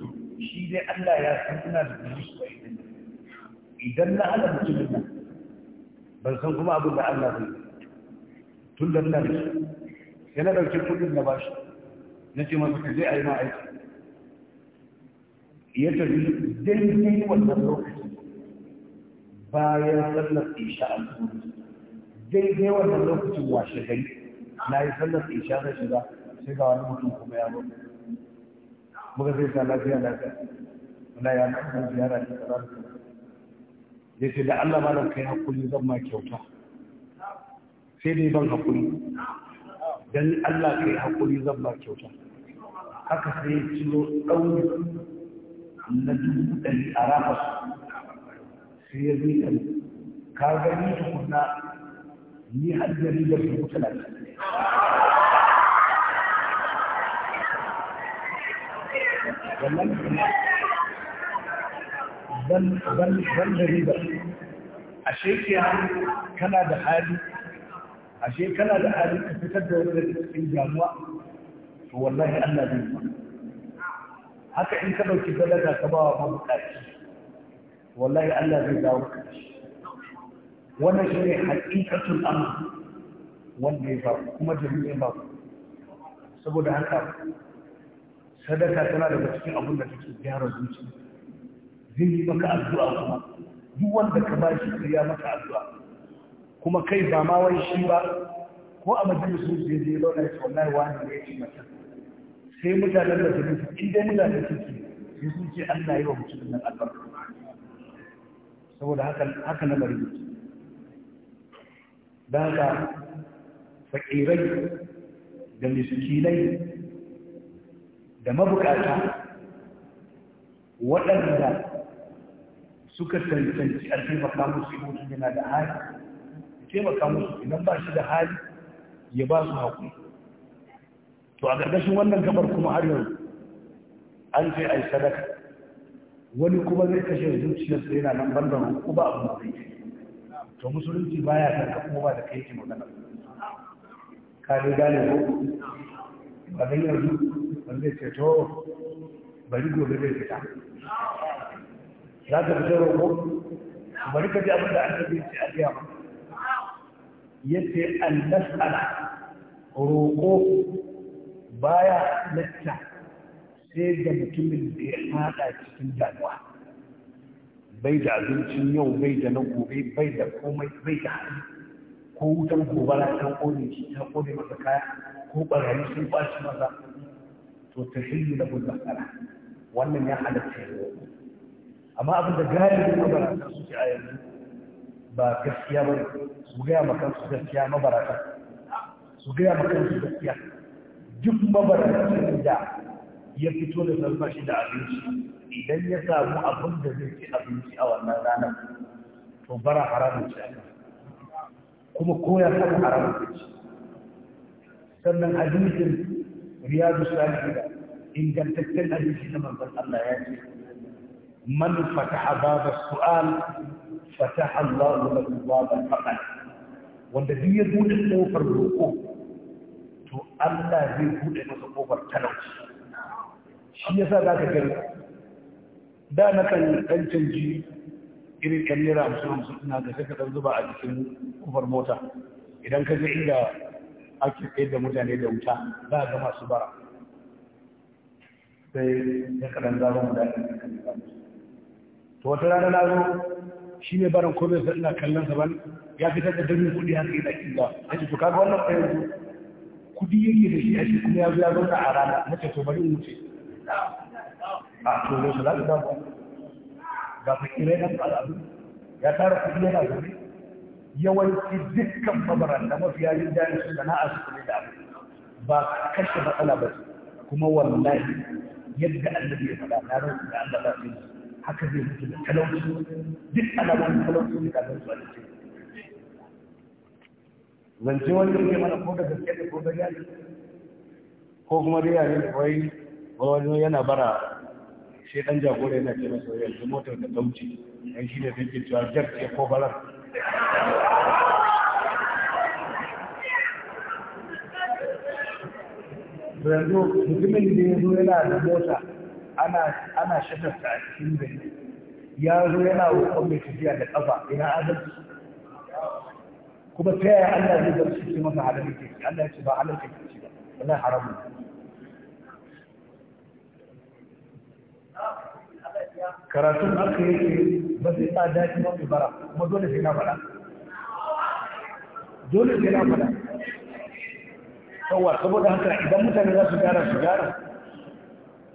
الشيء لألا يأخذنا بالنسبة إلينا إذا لا أنا بتمنى بل صنقوا ما أقول لألا بيه تلنا بنا بيه سنة لو تقول لنا باش نتي ما تقول لي أي ماعز يتجد الدنيا والمروح باير صلنا في إشاء الدنيا والمروح تواشغي لا يصلنا في إشاء الشباب سيقال المتنقم يا رب muka sai sa lafiya lafiya wala ya nan ziyara da kaza ya ce da Allah malam kai hakuri zan ma kyauta sai dai ban hakuri dan Allah kai hakuri zan ma kyauta haka sai ya ciro ɗauri na dubu ɗari a rafa sai ya zai ɗari ka gani tukuna ni har jaridar dubu talatin Wannan ban da riba ashe kiyan kana da hali ashe kana da hali ka fitar da wani daga cikin damuwa to wallahi Allah zai ba haka in ka dauki sadaka ka bawa mabukaci wallahi Allah zai dawo ka wannan shi ne haƙiƙatul amr wanda ya ba kuma jami'in ba saboda haka sadaka tana daga cikin abin da take gyara zuci. zai yi maka addu'a kuma duk wanda ka ba shi ya maka addu'a kuma kai ba ma wai shi ba ko a majalisun zai zai launa ya wallahi wani ne ya ce mata sai mutanen da su nufi in dai mutane suke sai sun ce na yi wa mutum nan albarka saboda haka na bari da haka fakirai da miskinai da mabukata waɗanda suka tantanci a taimaka musu mutum yana da hali ya taimaka musu idan ba shi da hali ya ba su haƙuri to a ƙarƙashin wannan gabar kuma har yau an ce a yi sadaka wani kuma zai kashe zuciyarsa yana nan ban da ba abu da to musulunci baya ta kuma ba da kai ke magana ka dai gane ko ba zai yanzu wanda ya ceto? bari gobe zai fita za ka fita roƙo bari ka ji abin da annabi ya ce a gaya ba ya ce an nas'ala roƙo baya latta sai ga mutumin da ya haɗa cikin damuwa bai da abincin yau bai da na gobe bai da komai bai da hali ko wutan gobara ta kone shi ta kone masa kaya ko ɓarari sun ɓaci maza. to ta hillu na bulbasara wannan ya halatta yi amma abin da galibin mabarata suke a yanzu ba gaskiya ba su gaya su gaskiya mabarata su gaya su gaskiya duk mabarata da ya fito da salmashi da abinci idan ya samu abin da zai ci abinci a wannan ranar to bara haramun ci kuma koya saka haramun ci sannan hadisin riyadu da ingantaccen hadisi na manzon Allah ya ce man fataha baba su'al fataha Allahu lahu baba faqat wanda duk ya bude kofar roƙo to Allah zai bude masa kofar talauci shi yasa ka ga da na kan dan canji irin kan naira hamsin hamsin ina ga sai ka zuba a cikin kofar mota idan ka je inda ake kai da mutane da wuta za a gama su bara sai ya kaɗan zaron mu da to wata rana na zo shi ne barin kome sa ina kallon sa ban ya fitar da dangin kuɗi haka yana ƙila a ce to kaga wannan ɗaya yanzu ya yi da shi a shi kuma ya zo ya zauna a rana na ce to bari in wuce a to ne su za su ga fakirai ɗan al'adu ya tara kudi yana zaune yawanci dukkan mabaran da mafi yin dare su sana'a su kuma da abu ba kashe matsala ba kuma wallahi yadda annabi ya faɗa na rantsu da Allah ba su haka zai mutu da talauci duk alamun talauci ne kafin su alice zance wani yake mana ko da gaske ne ko da yari ko kuma dai yare ne wai wani yana bara shi dan jagora yana ce masa yanzu motar da dauci dan shi ne take cewa ce ko balar yanzu mutumin da ya zo yana da mota ana shafarta a cikin gari ya zo yana roƙon mai tafiya da ƙafa ina adalci kuma ta yaya Allah zai zama shi masa halar da ci Allah ya ce ba halar yake ci ba wannan haramun karatun aka ke ba zai sa daɗi mafi bara kuma dole sai na faɗa dole sai na faɗa kawai saboda haka idan mutane za su gyara su gyara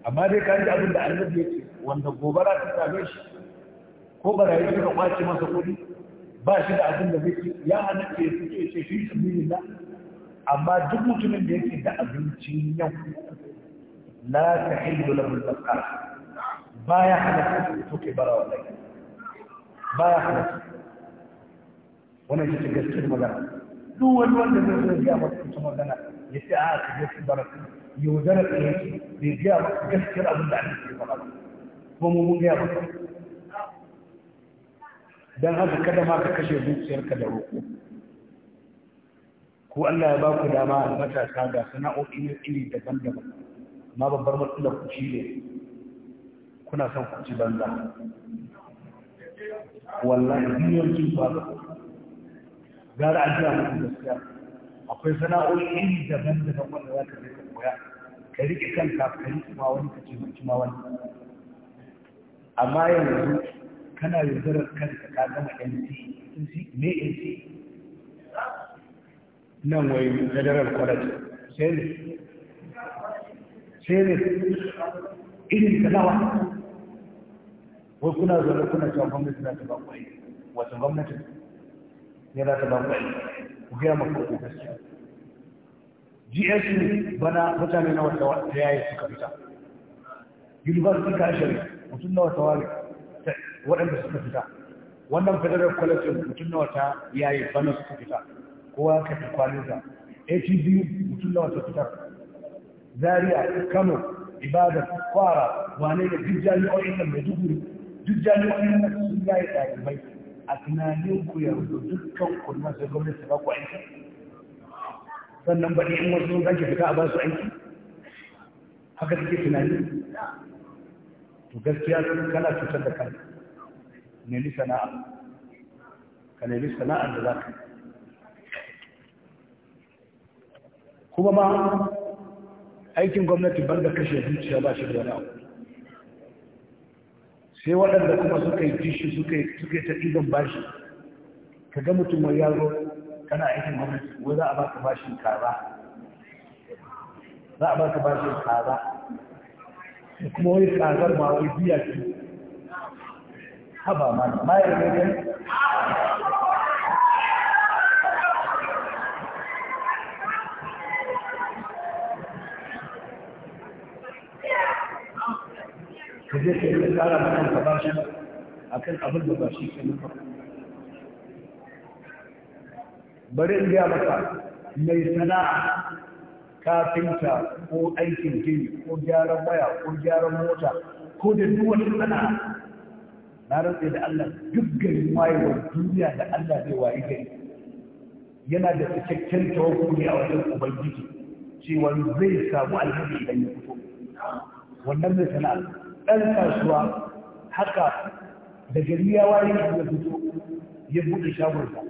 amma dai ka ji abin da annabi yake wanda gobara ta same shi ko barayi suka kwace masa kuɗi ba shi da abin da zai ya hana ya suke ce fi na amma duk mutumin da yake da abincin yau la tahillu lahu al-zakara baya hana su da kai bara wallahi baya halatta wannan shi ce gaskiyar magana duk wani wanda zai zai biya maka ita magana ya ce a ka gaskiyar bara yaudara ta yake bai gaya maka gaskiyar abin da ake faɗa kuma mu mun gaya maka don haka kada ma ka kashe zuciyarka da roƙo ko Allah ya ba ku dama matasa ga sana'o'i iri daban-daban amma babbar matsalar ku shi ne kuna son ku ci banza wallahi biyan su ba gara ajiya mu muku gaskiya akwai sana'o'i iri daban da kuma da ka rika koya ka rike kanka ka rike ma wani ka ce ma wani amma yanzu kana yaudarar kanka ka gama NC me NC nan wai federal college sai ne sai ne irin talawa wai kuna zaune kuna cewa gwamnati na ta ba wata aiki gwamnati ne za ta ku gaya maka ku gaskiya GSU bana mutane na wata ta yayi suka fita University Kashari mutum na wata wari waɗanda suka fita wannan Federal College mutum na wata yayi bana suka fita kowa ka fi kwaninsa A.T.V mutum na wata fitar Zaria Kano Ibadan Kwara wane da duk jami'o'in nan mai duguri duk jami'o'in nan sun yaye ɗalibai a tunanin ku yanzu dukkan ku na sai gwamnati ba ku aiki sannan ba in wasu sun zaki fita a ba su aiki haka suke tunani to gaskiya kana cutar da kanka nemi sana'a ka nemi sana'ar da za ka kuma ma aikin gwamnati banda kashe zuciya ba shi da wani abu sai waɗanda kuma suka yi tishi suka yi ta ɗiban bashi ka ga mutum mai yaro kana aikin gwamnati wai za a baka bashin kaza za a baka bashin kaza da kuma wai kazar ma wai biya ce haba ma ma yi ne ka je ka yi tsara da kanka ba a kan abin da ba shi ke nufa bari in gaya maka mai sana'a kafinta ko aikin gini ko gyaran waya ko gyaran mota ko da duk wani sana'a na rantsa da Allah duk garin wayewar duniya da Allah zai wayi gari yana da cikakken tawakkuli a wajen ubangiji cewa zai samu alheri idan ya fito wannan mai sana'a ɗan kasuwa haka da gari ya waye ya fito ya buɗe shagunsa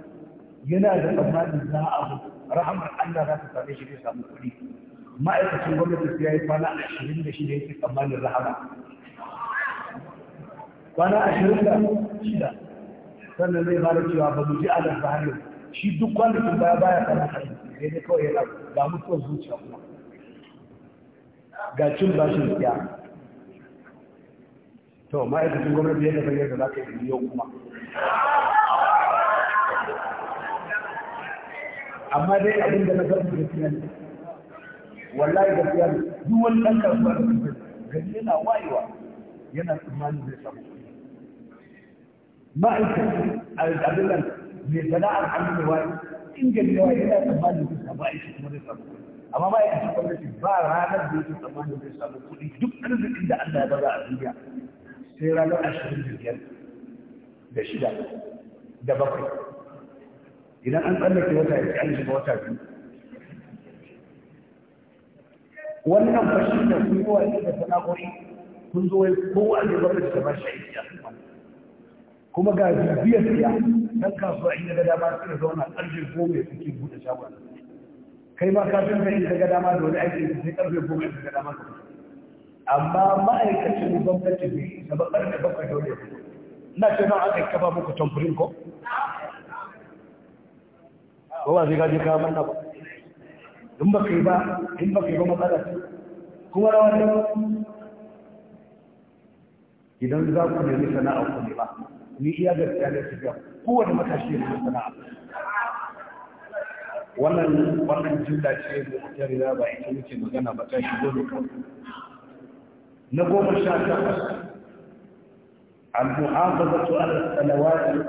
yana da tsammanin za a abu rahamar Allah za ta same shi ne samun kuɗi ma'aikacin gwamnati ya yi kwana ashirin da shida yake tsammanin rahama kwana ashirin da shida sannan zai fara cewa ba mu ji alar ba har shi duk kwanakin baya baya samun arziki sai ne kawai ya ga mutuwar zuciya kuma ga cin bashin siya to ma'aikacin gwamnati yadda bai yadda za ka yi miliyan kuma amma dai abin da na zarfi da ne, wallahi da siyan duk wani ɗan karfuwa da suka gari yana wayewa yana tsammanin zai samu ma'aikacin abin nan mai zana hannu da waye in gari yawa yana tsammanin zai samu aiki kuma zai samu amma ma'aikacin gwamnati ba ranar da yake tsammanin zai samu kuɗi duk arzikin da Allah ya baza a duniya sai ranar ashirin da biyar da shida da bakwai idan an tsallake wata ya an shiga wata biyu wannan fashin da kun yi wani da sana'o'i kun zo wai kowa ne gwamnati ta bashi aiki a kuma ga biyar siya dan kasuwa in ga dama suka zauna ƙarfe goma suke buɗe shagon kai ma kafin ka in ga dama da wani aiki sai ƙarfe goma in ga dama ka amma ma'aikacin gwamnati ne da bakar da bakwai dole na ce nan aka kafa muku tamfurin ko? ko ba zai gaji kawo manna ba in ba kai ba in ba kai ba matsalar. kuma da ba? idan za ku nemi sana'a ku ne ba ni iya gaskiya ne su ga kowane matashi ne sana'a wannan wannan jilla ce da ta rira ba ita muke magana ba ta shigo da kawai نقوم الشاكرة عن محافظة على الثلوات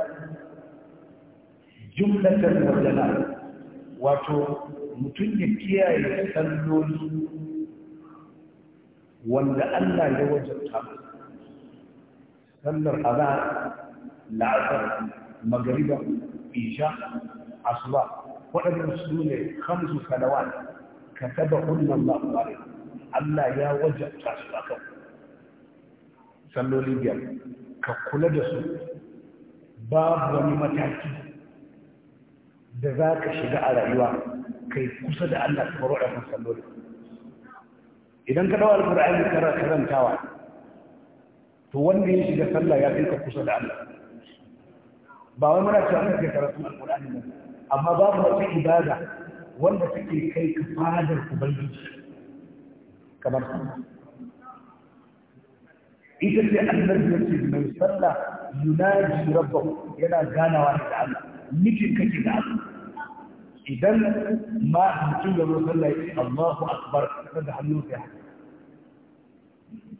جملة وجلالة واتو متنجي كيا يسلل ولألا يوجد خلق سلل هذا العصر في شهر أصلا وأن يسلل خمس ثلوات كتبهن الله عليه Allah ya wajabta su a kan salloli biyar ka kula da su babu wani mataki da za ka shiga a rayuwa kai kusa da Allah ta faru a salloli idan ka dawo alfura'ayin kara karantawa to wanda ya shiga sallah ya ka kusa da Allah ba wani muna cewa kake karatun alfura'ayin amma babu wata ibada wanda take kai ka fadar ubangiji kamar sallah ita ce da yace mai sallah yunaji rabba, yana ganawa da Allah mijin kake da Allah idan ma mutum ya zo sallah yace Allahu akbar da hannunsa ya haka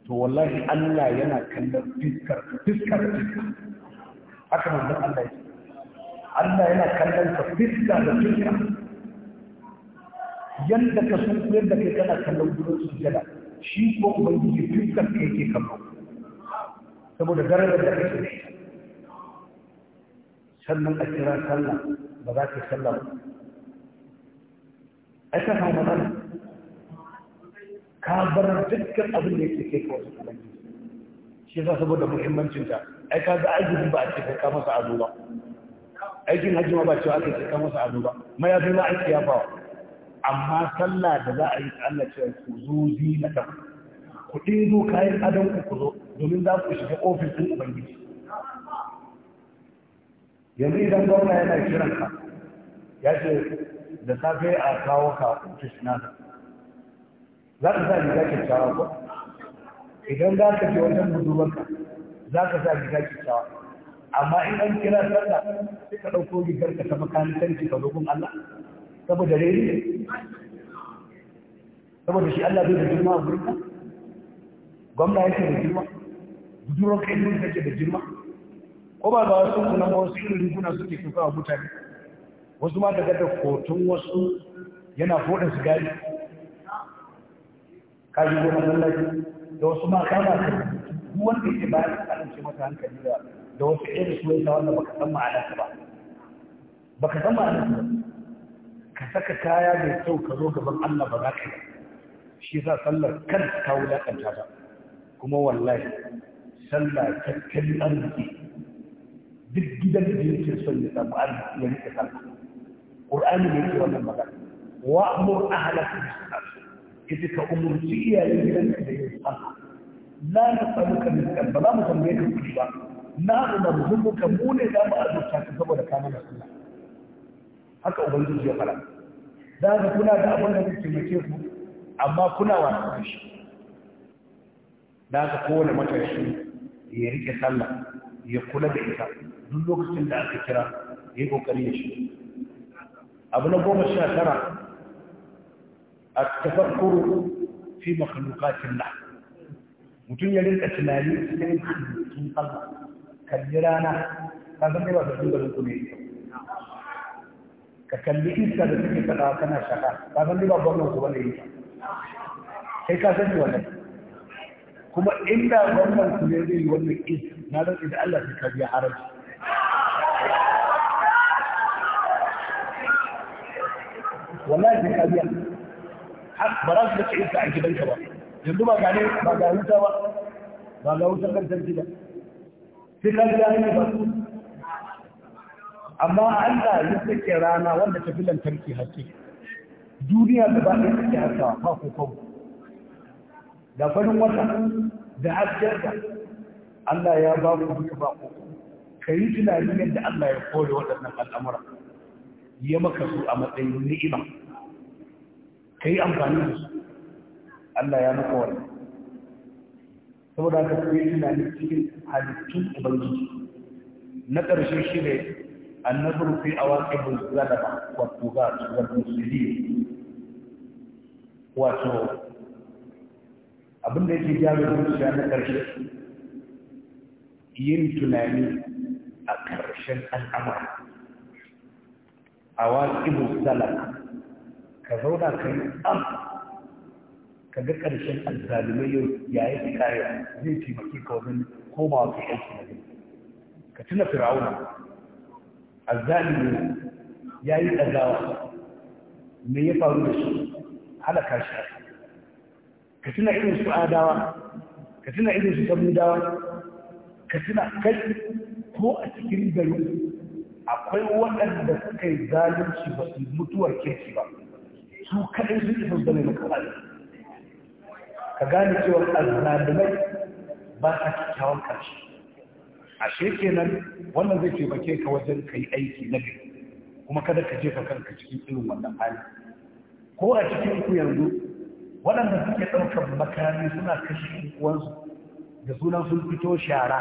to wallahi Allah yana kallon fiskar fiskar fiskar haka manzon Allah yake Allah yana kallon ka fiska da fiska yadda ka sun koyar da kai kana kallon su jada shi ko ubangiji fuskar ka yake kallo saboda darajar da kake da sannan a kira sallah ba za ka sallah ba ai ka samu matsala ka bar dukkan abin da yake kai kawai ubangiji shi yasa saboda muhimmancin ta ai ka ga ajibi ba a ce ka sa ado ba aikin hajji ma ba cewa aka ce ka masa ado ba mayafi ma ya fawa amma sallah da za a yi Allah ce ku zo ta ku ɗebo kayan adon ku ku zo domin za ku shiga ofis ɗin ubangiji yanzu idan gwamna yana kiran ka ya ce da safe a kawo ka ofis nasa za ka sa riga kyakkyawa ko idan za ka je wajen budurwarka za ka sa riga kyakkyawa amma in an kira sallah sai ka ɗauko gigar ka ta makanikanci ka zo Allah saboda rere saboda shi Allah bai da girma a gurin gwamna yake da girma budurwar kai mun take da girma ko ba ga wasu kuna ba wasu irin riguna suke kuka wa mutane wasu ma daga da kotun wasu yana foda su gari kaji goma lallaki da wasu ma kama ka duk wanda ke bayan ka kasance mata hankali da da wasu irin su yasa wanda baka san ma'ana ba baka san ma'ana ba ka saka kaya mai kyau ka zo gaban Allah ba za ka yi shi yasa sallar kan ta wulakanta ta kuma wallahi sallar tattalin arziki duk gidan da yake son ya samu arziki ya rike sallah qur'ani ne yake wannan magana wa amur ahlaka bis salat yace ka umurci gidan ka da yin Na sallah la nasaluka min ba za mu tambaye ka kuɗi ba na umarzuka mu ne za mu azurta ka saboda ka mana sallah haka ubangiji ya fara za ka kuna da abin da kuke mace ku amma kuna wani da shi da ka kowane matashi ya rike sallah ya kula da ita duk lokacin da aka kira ya yi kokari ya shi abu na goma sha tara a tafakkuru fi makhluqatin lah mutum ya rinka tunani cikin halittun Allah yi rana kan san ba da duk da ne ka kalli iska da suke saka kana shaka ka san ba gwamnan ku bane yake kai ka san wannan kuma inda gwamnan ku ne zai yi wannan iska na rantsi da Allah sai ka biya haraji wallahi sai ka biya ba za su da iska a gidanka ba yanzu ba gane ba ga wuta ba ba ga wutar kan sarki ba sai ka biya ne ba amma Allah ya sake rana wanda ta tafi lantarki haske duniya da ba ɗaya take haskawa ba ko kawo da farin wata da da Allah ya ba ku duka ba ko ka yi tunanin yadda Allah ya kore waɗannan al'amura ya maka su a matsayin ni'ima ka yi amfani da su Allah ya maka wani saboda ka yi tunanin cikin halittun ubangiji na ƙarshe shi ne النظر في عواقب الظلمة والطغاة والمفسدين واتو abin da yake jawo zuciya na ƙarshe yin tunani a ƙarshen al'amura a waƙibu salama ka zauna ka yi am ka ga ƙarshen alzalimai ya yi fi zai taimake ka wajen komawa ka aiki ka tuna fir'auna azzalimi ya yi ɗazawa? me ya faru da shi halaka shi ka tuna irin su adawa ka tuna irin su samudawa ka tuna kai ko a cikin gari akwai waɗanda suka yi zalunci ba su mutuwar kirki ba su kaɗai sun isa su zama makamali ka gane cewa azzalimai ba sa kyakkyawan ƙarshe ashe kenan wannan zai taimake ka wajen kai aiki na gari, kuma kada ka jefa kanka cikin irin wannan hali ko a cikin ku yanzu waɗanda suke ɗaukar makarani suna kashe uwansu da sunan sun fito shara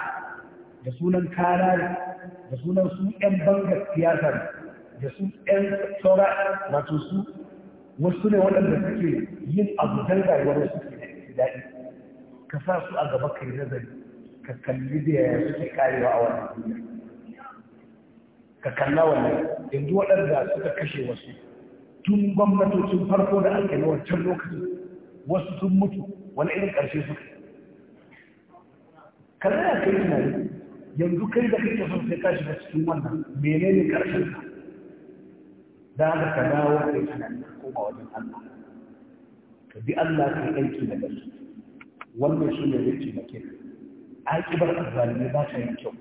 da sunan karari da sunan su ƴan banga siyasar da su ƴan saura wato su wasu ne waɗanda suke yin abu don rayuwar wasu ke da daɗi ka sa su a gaba kai nazari ka kalli da ya suke karewa a wannan duniya ka kalla wannan yanzu waɗanda suka kashe wasu tun gwamnatocin farko da ake na wancan lokacin wasu sun mutu wani irin ƙarshe suka kalla ya kai tunani yanzu kai da kake son sai ka shiga cikin wannan menene ƙarshen ka da haka ka dawo kai tunani ka koma wajen Allah ka bi Allah ka aiki da gaske wannan shi ne zai taimake ka aƙibar azalimi ba ta yi kyau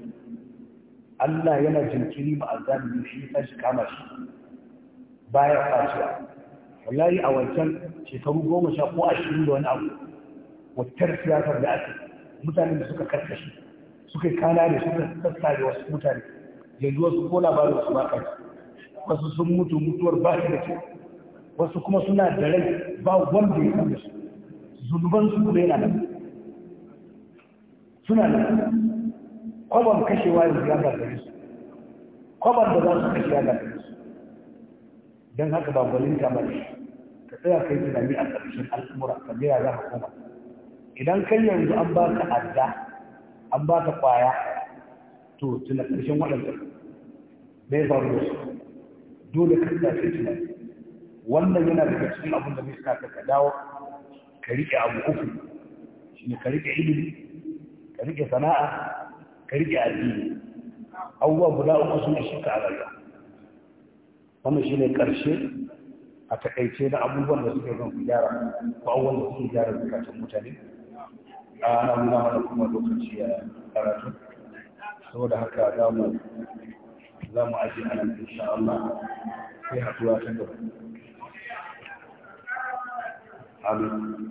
Allah yana jinkiri ba azalimi shi ta shi kama shi ya kwaciya wallahi a wancan shekaru goma sha ko ashirin da wani abu wutar siyasar da ake mutanen da suka karkashe suka kana da suka sassare wasu mutane yanzu wasu ko labarin su ba wasu sun mutu mutuwar ba shi da kyau wasu kuma suna da rai ba wanda ya kama su zunubansu kuma yana da nan suna da kwaban kashewa yanzu ya da su kwaban da za su kashe ya da su don haka ba gwalinta ba ne ka tsaya kai tunani a ƙarshen al'amura, ka biya za ka koma idan kai yanzu an ba ka adda an ba ka kwaya to tuna ƙarshen waɗanda bai faru da su dole ka tsaye tunani wannan yana daga cikin abin da zai sa ka dawo ka riƙe abu uku shi ne ka riƙe ilimi ka rike sana'a ka rike addini abubuwa guda uku suna shika a rayuwa wannan shi ne ƙarshe a takaice na abubuwan da suke zan ku gyara ko abubuwan da suke gyara zukatan mutane a na nuna mana kuma lokaci a karatu saboda haka za mu za mu aje a nan insha Allah sai haɗuwa ta gaba amin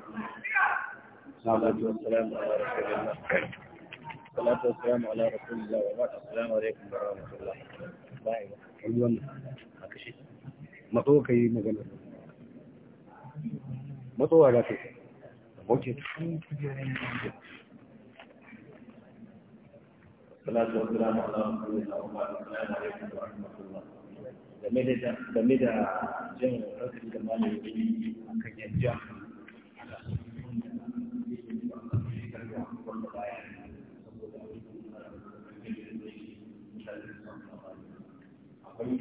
والصلاة magana matsowa game da game jin da malami akan from the land.